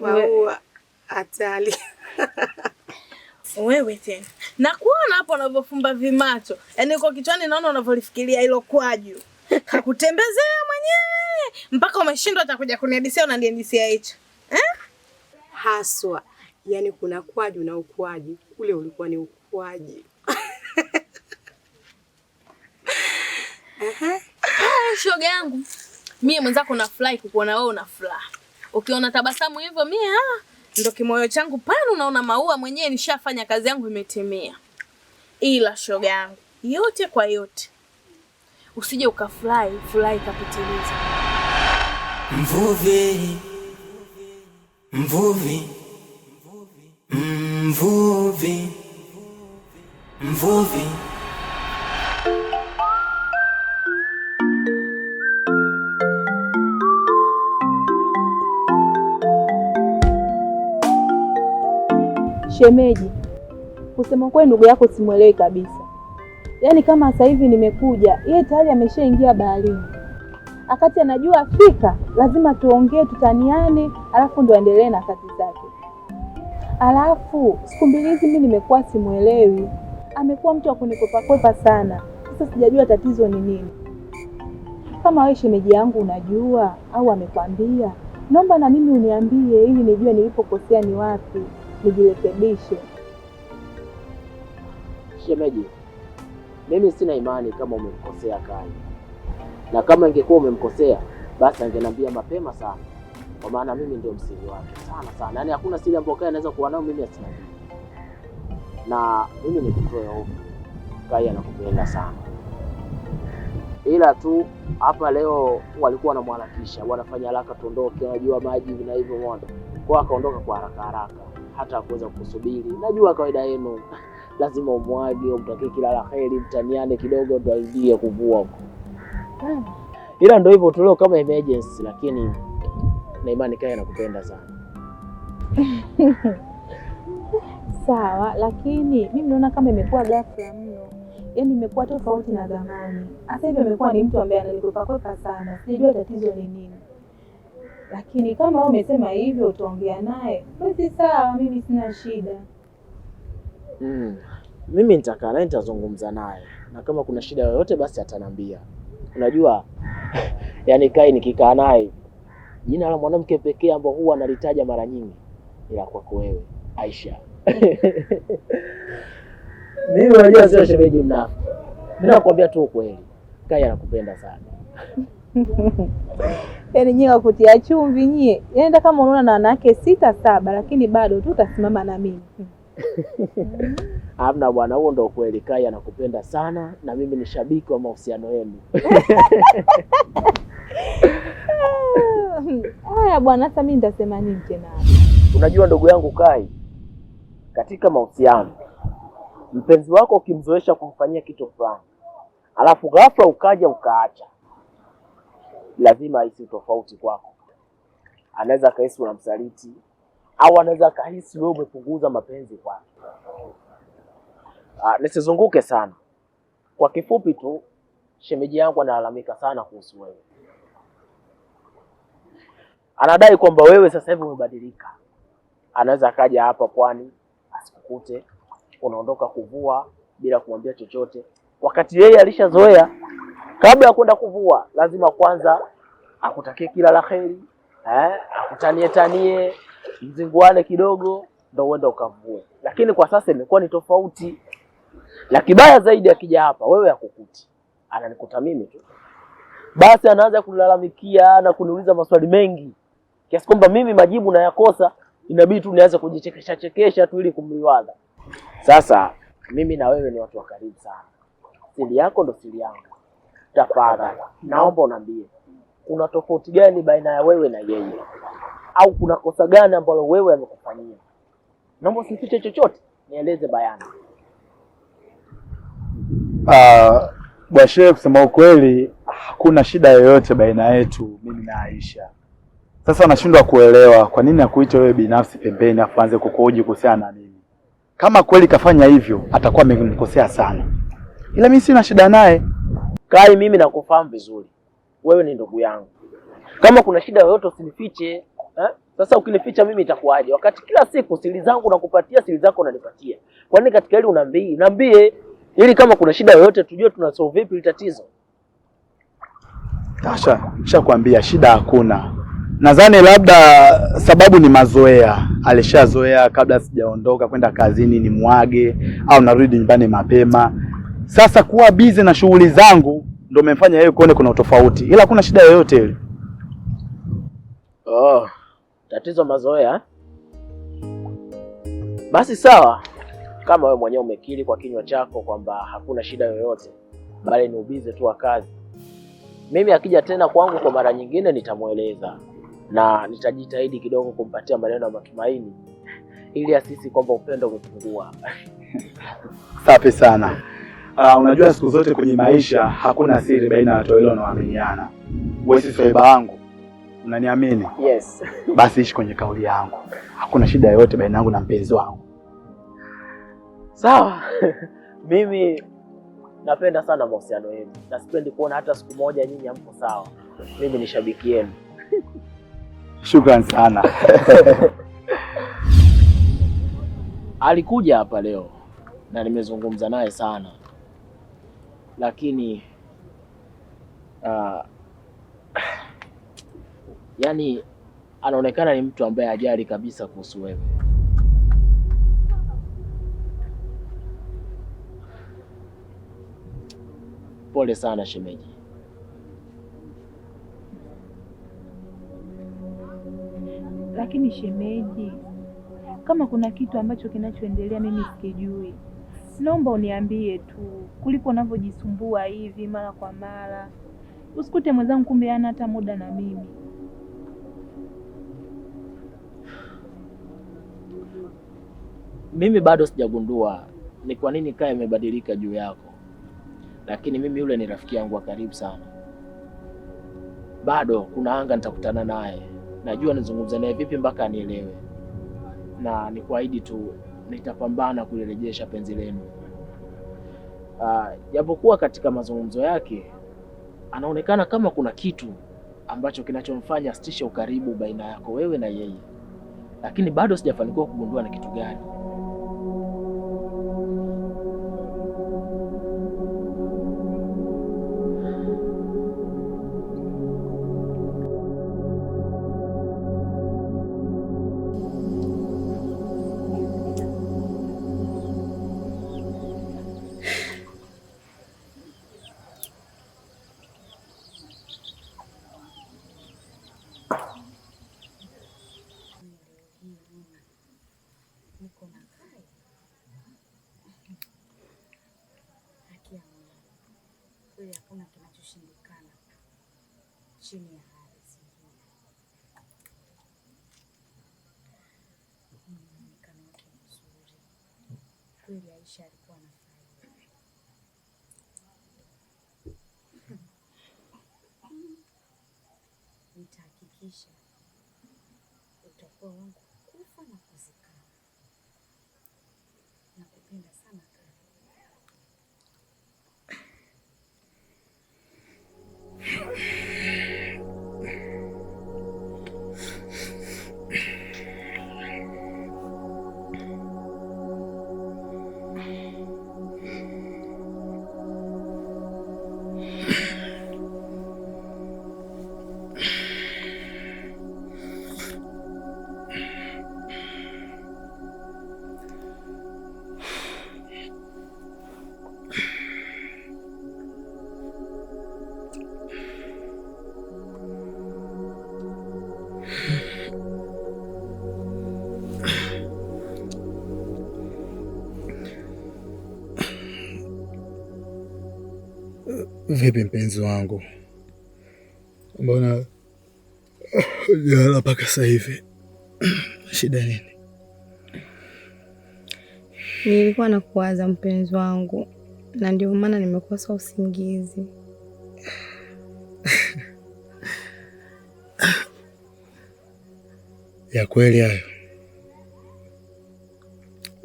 Maua hatari. Wewe tena nakuona hapo unavyofumba vimacho, yaani uko kichwani naona unavyolifikiria hilo kwaju. Kakutembezea mwenyewe mpaka umeshindwa atakuja kuja kunihadisia, unanihadisia hicho eh? Haswa yaani kuna kwaju na ukwaji, ule ulikuwa ni ukwaji. Shoga yangu mie mwenzako, nafurahi kukuona wewe una furaha ukiona tabasamu hivyo mie ah, ndo kimoyo changu pana unaona maua mwenyewe. Nishafanya kazi yangu imetimia. Ila shoga yangu, yote kwa yote, usije ukafurahi furahi kapitiliza. Mvuvi, mvuvi, mvuvi, mvuvi. Shemeji, kusema kweli ndugu yako simwelewi kabisa. Yaani kama sasa hivi nimekuja, yeye tayari ameshaingia baharini, akati anajua afika lazima tuongee, tutaniane, alafu ndo aendelee na kazi zake. Alafu siku mbili hizi mimi nimekuwa simwelewi, amekuwa mtu wa kunikopakwepa sana. Sasa sijajua tatizo ni nini. Kama wewe shemeji yangu unajua au amekwambia, naomba na mimi uniambie ili nijue nilipokosea ni wapi nijirekebishe. Shemeji, mimi sina imani kama umemkosea kai na kama ingekuwa umemkosea basi angeniambia mapema sana, kwa maana mimi ndio msingi wake sana sana. Yani hakuna siri ambayo Kai anaweza kuwa nayo mimi asina, na mimi nikutoe hofu, Kai anakupenda sana ila tu hapa leo walikuwa wanamharakisha, wanafanya haraka tuondoke, najua maji na hivyo moja kwa, akaondoka kwa haraka haraka hata kuweza kusubiri. Najua kawaida yenu lazima umwage, umtakie kila la heri, mtaniane kidogo ndo aingie kuvua huko, ila ndo hivyo tulio kama emergency, lakini na imani kaya nakupenda sana. Sawa, lakini mimi naona kama imekuwa ghafla mno, yaani imekuwa tofauti na zamani. Hasa hivyo, amekuwa ni mtu ambaye analikwepa sana, sijui tatizo ni nini lakini kama umesema hivyo utaongea naye basi sawa, mimi sina shida. Mm, mimi nitakaa naye, nitazungumza naye na kama kuna shida yoyote basi atanambia. Unajua yani Kai nikikaa naye, jina la mwanamke pekee ambao huwa analitaja mara nyingi ila kwako wewe Aisha. Mimi unajua sio shemeji mnafu, mimi nakwambia tu ukweli, Kai anakupenda sana. yani nyie wakutia chumvi nyie, yani hata kama unaona na wanawake sita saba, lakini bado tu utasimama na mimi Amna bwana, huo ndo kweli. Kai anakupenda sana na mimi ni shabiki wa mahusiano yenu. Ah, haya bwana, sasa mimi nitasema nini tena? Unajua ndugu yangu Kai, katika mahusiano mpenzi wako ukimzoesha kumfanyia kitu fulani, alafu ghafla ukaja ukaacha lazima ahisi utofauti kwako. Anaweza akahisi unamsaliti au anaweza akahisi wewe umepunguza mapenzi kwake. Ah, nisizunguke sana, kwa kifupi tu, shemeji yangu analalamika sana kuhusu wewe. Anadai kwamba wewe sasa hivi umebadilika. Anaweza akaja hapa Pwani asikukute unaondoka kuvua bila kumwambia chochote, wakati yeye alishazoea Kabla ya kwenda kuvua, lazima kwanza akutakie kila la eh, akutanie tanie, mzinguane kidogo, ndo uende ukavue. Lakini kwa sasa imekuwa ni tofauti, na kibaya zaidi, akija hapa wewe akukuti, ananikuta mimi tu, basi anaanza kunilalamikia na kuniuliza maswali mengi kiasi kwamba mimi majibu nayakosa, inabidi tu nianze kujichekesha chekesha tu ili kumliwaza. Sasa mimi na wewe ni watu wa karibu sana, siri yako ndo siri yangu tafadhali, naomba unaambie kuna tofauti gani baina ya wewe na yeye, au kuna kosa gani ambalo wewe amekufanyia? Naomba usifiche chochote, nieleze bayana. Uh, ah, bwashe, kusema ukweli, hakuna shida yoyote baina yetu mimi na Aisha. Sasa nashindwa kuelewa kwa nini akuita wewe binafsi pembeni afu anze kukuhoji kuhusiana na mimi. Kama kweli kafanya hivyo, atakuwa amenikosea sana, ila mimi sina shida naye. Kai, mimi nakufahamu vizuri, wewe ni ndugu yangu. Kama kuna shida yoyote usinifiche eh? Sasa ukinificha mimi itakuwaje, wakati kila siku siri zangu nakupatia, siri zako unanipatia? Kwa nini katika hili unambii naambie, ili kama kuna shida yoyote tujue tunasolve vipi tatizo. Tasha, nishakwambia shida hakuna. Nadhani labda sababu ni mazoea, alishazoea kabla sijaondoka kwenda kazini ni mwage au narudi nyumbani mapema sasa kuwa bize na shughuli zangu ndio umemfanya yeye kuone kuna utofauti, ila hakuna shida yoyote ile. Oh, tatizo mazoea. Basi sawa, kama wewe mwenyewe umekiri kwa kinywa chako kwamba hakuna shida yoyote, bali ni ubize tu wa kazi, mimi akija tena kwangu kwa mara nyingine nitamweleza na nitajitahidi kidogo kumpatia maneno ya matumaini ili asisi kwamba upendo umepungua. Safi sana. Uh, unajua siku zote kwenye maisha hakuna siri baina ya watu wawili wanaoaminiana. Wewe si faiba wangu, unaniamini? Yes. Basi ishi kwenye kauli yangu, hakuna shida yoyote baina yangu na mpenzi wangu. Sawa. Mimi napenda sana mahusiano yenu na sipendi kuona hata siku moja nyinyi hamko sawa. Mimi ni shabiki yenu. shukran sana. Alikuja hapa leo na nimezungumza naye sana lakini uh, yani anaonekana ni mtu ambaye ajali kabisa kuhusu wewe. Pole sana shemeji. Lakini shemeji, kama kuna kitu ambacho kinachoendelea mimi sikijui Naomba uniambie tu kuliko unavyojisumbua hivi mara kwa mara, usikute mwenzangu kumbe ana hata muda na mimi. Mimi bado sijagundua ni kwa nini kaya imebadilika juu yako, lakini mimi yule ni rafiki yangu wa karibu sana. Bado kuna anga nitakutana naye, najua nizungumze naye vipi mpaka anielewe, na nikuahidi tu nitapambana kulirejesha penzi lenu. Ah, japokuwa uh, katika mazungumzo yake anaonekana kama kuna kitu ambacho kinachomfanya asitishe ukaribu baina yako wewe na yeye, lakini bado sijafanikiwa kugundua ni kitu gani. kweli hakuna kinachoshindikana chini ya ardhi hii. Muonekano mm, wake mzuri kweli, Aisha alikuwa na faida. Nitahakikisha utakuwa wangu. Vipi mpenzi wangu, mbona jalala mpaka sasa hivi? shida nini? Nilikuwa nakuwaza mpenzi wangu, na ndio maana nimekosa usingizi. ya kweli hayo?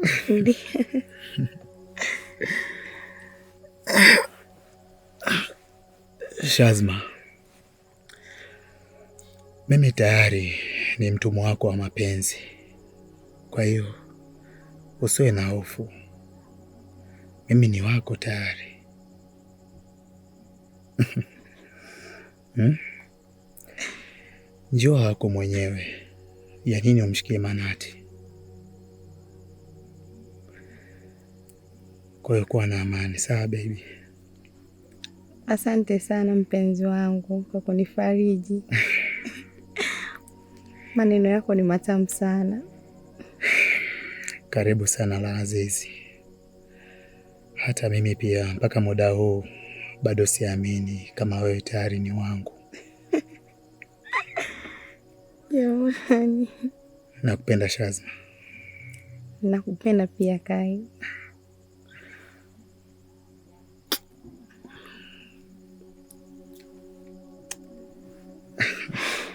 Shazma, mimi tayari ni mtumwa wako wa mapenzi, kwa hiyo usiwe na hofu, mimi ni wako tayari. hmm? Njoo wako mwenyewe, ya nini umshikie Manati? Kwa hiyo kuwa na amani, sawa baby. Asante sana mpenzi wangu kwa kunifariji. Maneno yako ni matamu sana. Karibu sana la Azizi. Hata mimi pia mpaka muda huu bado siamini kama wewe tayari ni wangu. Jamani, nakupenda Shazma. Nakupenda pia Kai.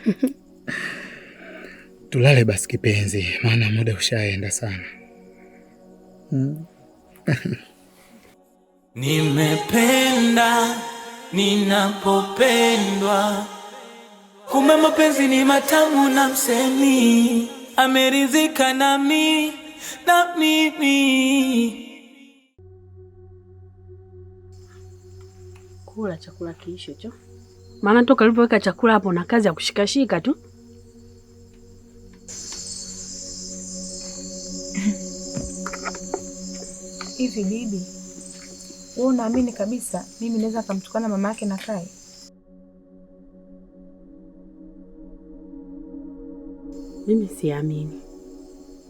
Tulale basi kipenzi, maana muda ushaenda sana. Hmm. Nimependa ninapopendwa, kumbe mapenzi ni matamu, na msemi ameridhika nami na mimi. Kula chakula kiisho cho maana toka alipoweka chakula hapo na kazi ya kushikashika tu. Hivi bibi, wewe unaamini kabisa mimi naweza kumtukana mama yake na Kai? Mimi siamini,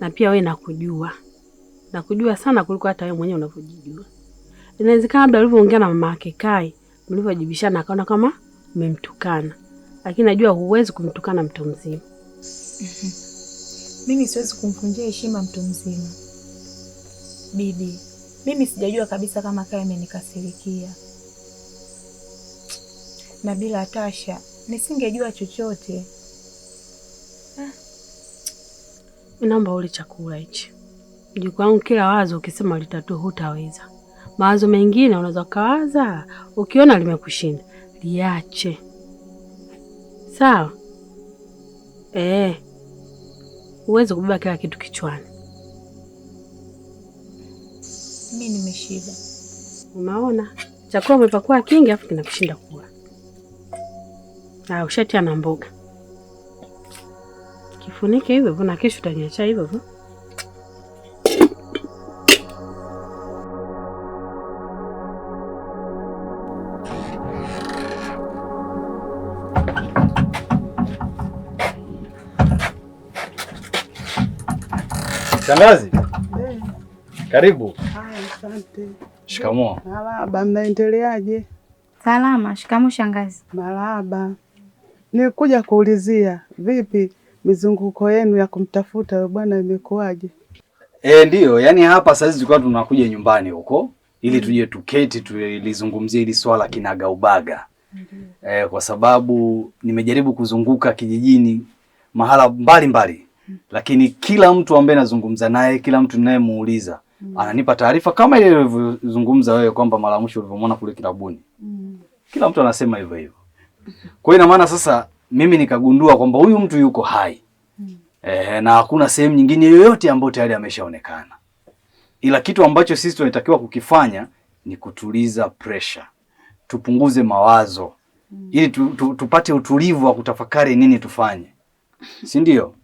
na pia we nakujua, nakujua sana kuliko hata wewe mwenyewe unavyojijua. Inawezekana labda ulivyoongea na mama yake Kai, mlivyojibishana akaona kama umemtukana, lakini najua huwezi kumtukana mtu mzima. Mhm. Mimi siwezi kumvunjia heshima mtu mzima. Bibi, mimi sijajua kabisa kama Kaya amenikasirikia, na bila Tasha nisingejua chochote. Ah. Naomba ule chakula hichi. Mjukuu wangu, kila wazo ukisema litatu hutaweza. Mawazo mengine unaweza ukawaza, ukiona limekushinda liache, sawa? Eh, huwezi kubeba kila kitu kichwani. Mimi nimeshiba, unaona chakula umepakua kingi, afu kinakushinda kula. Ah, ushatia na mboga, kifunike hivyo hivyo, na kesho utaniacha hivyo hivyo. Shangazi. Eh. Karibu. asante. Shikamoo. malaba mnaendeleaje? Salama. Shikamoo shangazi. Marahaba. Nikuja kuulizia vipi mizunguko yenu ya kumtafuta yule bwana imekuwaje? E, eh, ndiyo, yaani hapa saizi tulikuwa tunakuja nyumbani huko ili tuje tuketi tulizungumzie hili swala kinagaubaga. E, eh, kwa sababu nimejaribu kuzunguka kijijini mahala mbalimbali lakini kila mtu ambaye nazungumza naye, kila mtu ninayemuuliza mm. ananipa taarifa kama ile ulivyozungumza wewe kwamba mara mwisho ulivyomwona kule kilabuni mm. kila mtu anasema hivyo hivyo. Kwa hiyo ina maana sasa mimi nikagundua kwamba huyu mtu yuko hai mm. e, na hakuna sehemu nyingine yoyote ambayo tayari ameshaonekana, ila kitu ambacho sisi tunatakiwa kukifanya ni kutuliza pressure, tupunguze mawazo mm. ili tu, tu, tupate utulivu wa kutafakari nini tufanye, si ndio?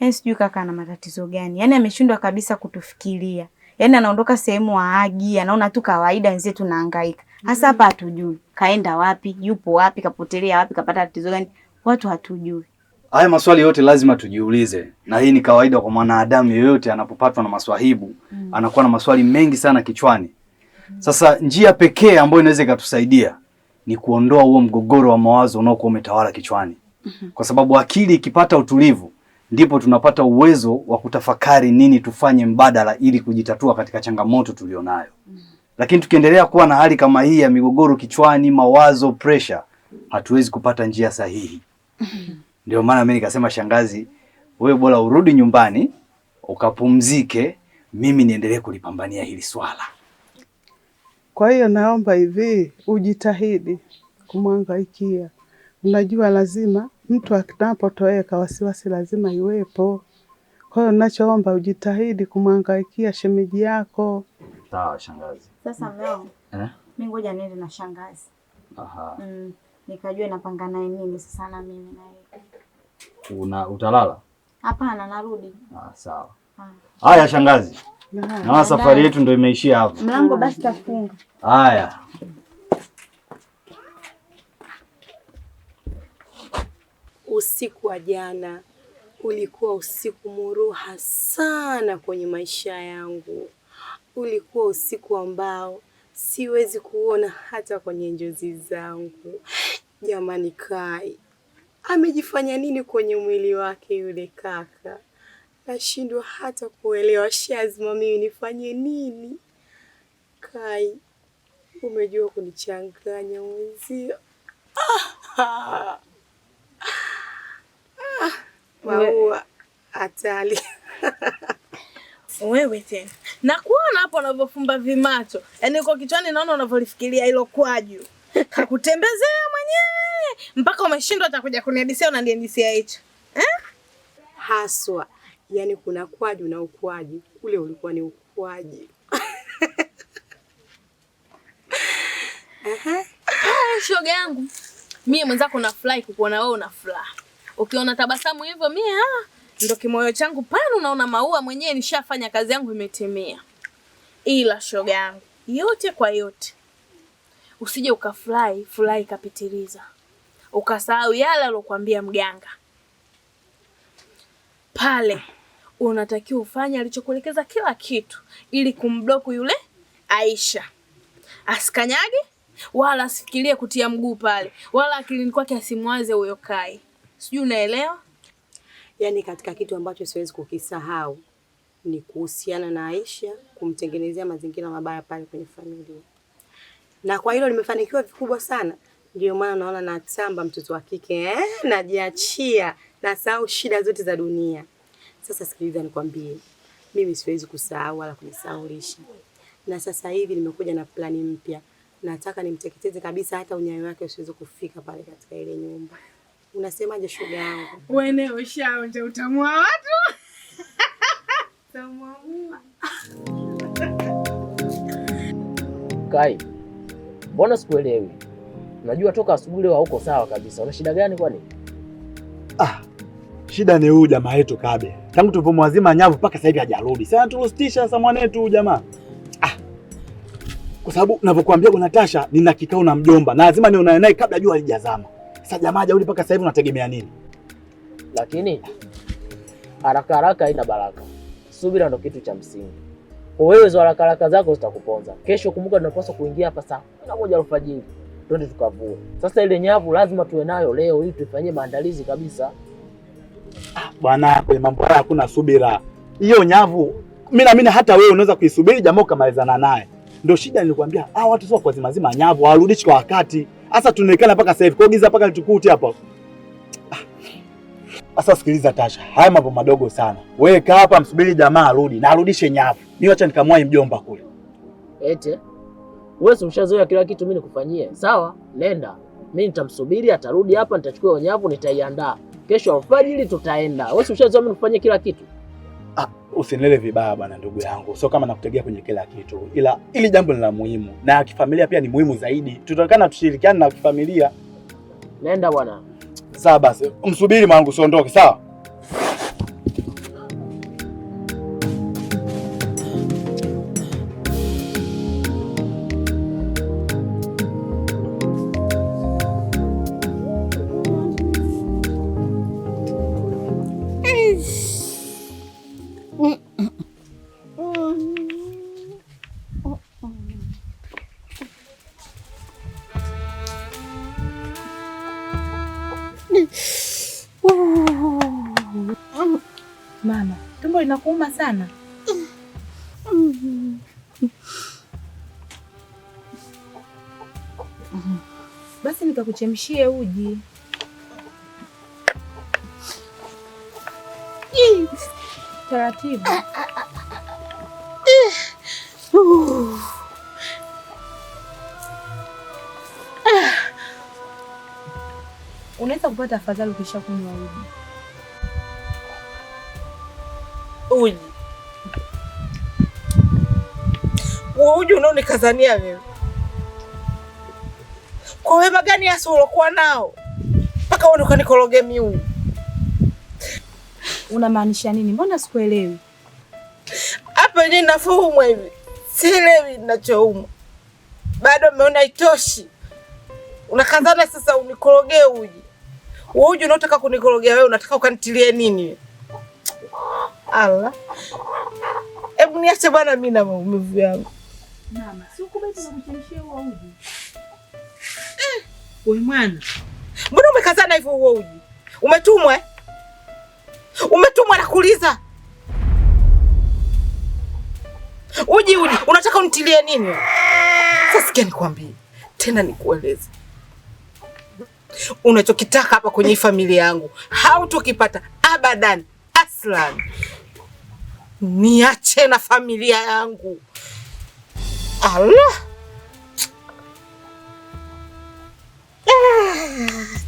Yaani sijui kaka ana matatizo gani, yaani ameshindwa kabisa kutufikiria, yaani anaondoka sehemu aagi, anaona tu kawaida, wenzie tunahangaika hasa hapa. Hatujui kaenda wapi, yupo wapi, kapotelea wapi, kapata tatizo gani, watu hatujui. Haya maswali yote lazima tujiulize, na hii ni kawaida kwa mwanadamu yeyote. Anapopatwa na maswahibu mm, anakuwa na maswali mengi sana kichwani. Sasa njia pekee ambayo inaweza ikatusaidia ni kuondoa huo mgogoro wa mawazo unaokuwa umetawala kichwani, mm-hmm. kwa sababu akili ikipata utulivu ndipo tunapata uwezo wa kutafakari nini tufanye mbadala ili kujitatua katika changamoto tulionayo. Lakini tukiendelea kuwa na hali kama hii ya migogoro kichwani, mawazo, pressure, hatuwezi kupata njia sahihi. Ndio maana mimi nikasema, shangazi, wewe bora urudi nyumbani ukapumzike, mimi niendelee kulipambania hili swala. Kwa hiyo naomba hivi, ujitahidi kumwangaikia, unajua lazima mtu akinapotoweka wasiwasi lazima iwepo. Kwa hiyo ninachoomba ujitahidi kumhangaikia shemeji yako. Sawa shangazi. Sasa mm. leo eh, mimi ngoja niende na shangazi. Aha. Mm, nikajue napanga naye nini sasa na mimi na yeye. Una utalala? Hapana, narudi. Ah, sawa. Ah. Haya shangazi. Na safari yetu ndio imeishia hapo. Mlango basi tafunga. Haya. usiku wa jana ulikuwa usiku muruha sana kwenye maisha yangu. Ulikuwa usiku ambao siwezi kuona hata kwenye njozi zangu. Jamani, Kai amejifanya nini kwenye mwili wake yule kaka? Nashindwa hata kuelewa. Shazima, mimi nifanye nini? Kai, umejua kunichanganya mwenzio. Maua hatari. Wewe tena nakuona hapo unavyofumba vimacho, yaani uko kichwani, naona unavyolifikiria hilo kwaju. Kakutembezea mwenyewe mpaka umeshindwa takuja kuniadisia, kunihadisia, hicho eh? Haswa yaani kuna kwaju na ukwaji, ule ulikuwa ni ukwaji. Shoga yangu mie mwenzako, nafurahi kukuona wewe una furaha ukiona tabasamu hivyo mie ah, ndo kimoyo changu pano, naona maua mwenyewe. Nishafanya kazi yangu imetimia, ila shoga yangu, yote kwa yote, usije ukafurahi furahi ikapitiliza ukasahau yale alokuambia mganga pale. Unatakiwa ufanye alichokuelekeza kila kitu, ili kumbloku yule Aisha asikanyage wala asifikirie kutia mguu pale, wala akilini kwake asimwaze huyo Kai sijui unaelewa. Yaani katika kitu ambacho siwezi kukisahau ni kuhusiana na Aisha kumtengenezea mazingira mabaya pale kwenye familia, na kwa hilo nimefanikiwa vikubwa sana. Ndio maana naona natamba mtoto wa kike eh, najiachia, nasahau shida zote za dunia. Sasa sikiliza, nikwambie, mimi siwezi kusahau wala kunisahulisha, na sasa hivi nimekuja na plani mpya. Nataka nimteketeze kabisa, hata unyayo wake usiweze kufika pale katika ile nyumba. Unasemaje shoga yangu? Wene ushaonja utamua watu Kai, mbona sikuelewi? Najua toka asubuhi leo hauko sawa kabisa. Una shida gani kwani? Ah, shida ni huyu jamaa yetu Kabe. Tangu tulipomwazima nyavu mpaka sasa hivi hajarudi. Sasa tulostisha sasa mwanetu huyu jamaa. Ah. Kwa sababu ninavyokuambia kwa Natasha nina kikao na mjomba. Na lazima nionane naye kabla jua halijazama. Sasa jamaa hajarudi mpaka sasa hivi, unategemea nini? Lakini haraka haraka haina baraka, subira ndo kitu cha msingi. Kwa Wewe za haraka haraka zako zitakuponza kesho. Kumbuka tunapaswa kuingia hapa saa kumi na moja alfajiri, twende tukavue. Sasa ile nyavu lazima tuwe nayo leo ili tuifanyie maandalizi kabisa. Ah, bwana, kwenye mambo haya hakuna subira. Hiyo nyavu mimi naamini hata wewe unaweza kuisubiri jamaa ukamalizana naye. Ndio shida nilikwambia, ah, watu sio kwa zimazima nyavu, hawarudishi kwa wakati. Sasa tunaonekana mpaka sasa hivi. Kwa giza mpaka litukute hapa. Ah. Sasa sikiliza Tasha, haya mambo madogo sana. Wewe kaa hapa msubiri jamaa arudi na arudishe nyavu. Mimi acha nikamwai mjomba kule. Ete. Wewe umeshazoea kila kitu mimi nikufanyie. Sawa? Nenda. Mimi nitamsubiri atarudi hapa, nitachukua nyavu, nitaiandaa. Kesho alfajiri tutaenda. Wewe ushazoea mimi nikufanyie kila kitu. Ah, usinilele vibaya bwana, ndugu yangu, sio kama nakutegea kwenye kila kitu, ila ili jambo ni la muhimu na kifamilia pia ni muhimu zaidi. Tutaonekana tushirikiane na kifamilia. Nenda bwana. Sawa basi, msubiri mwanangu, siondoke. Sawa. inakuuma sana? Basi nikakuchemshie uji. Taratibu. Unaweza kupata afadhali ukishakunywa uji. uji huo uji unaonikazania wewe, kwa wema gani hasa ulokuwa nao mpaka ukanikoroge miu? Unamaanisha nini? Mbona sikuelewi? Hapa yenyewe nafoumwa hivi, sielewi ninachoumwa bado. meona itoshi, unakazana sasa unikorogee uji. uji unaotaka kunikorogea wewe, unataka ukanitilie nini? Allah. Hebu niache bwana mimi na maumivu yangu. Mama, Eh, wewe mwana. Mbona umekazana hivyo huo uji? Umetumwa eh? Umetumwa na kuuliza. Uji uji, unataka unitilie nini? Sasa sikia nikwambie. Tena nikueleze. Unachokitaka hapa kwenye familia yangu hautokipata abadan aslan niache na familia yangu. Allah. Ah.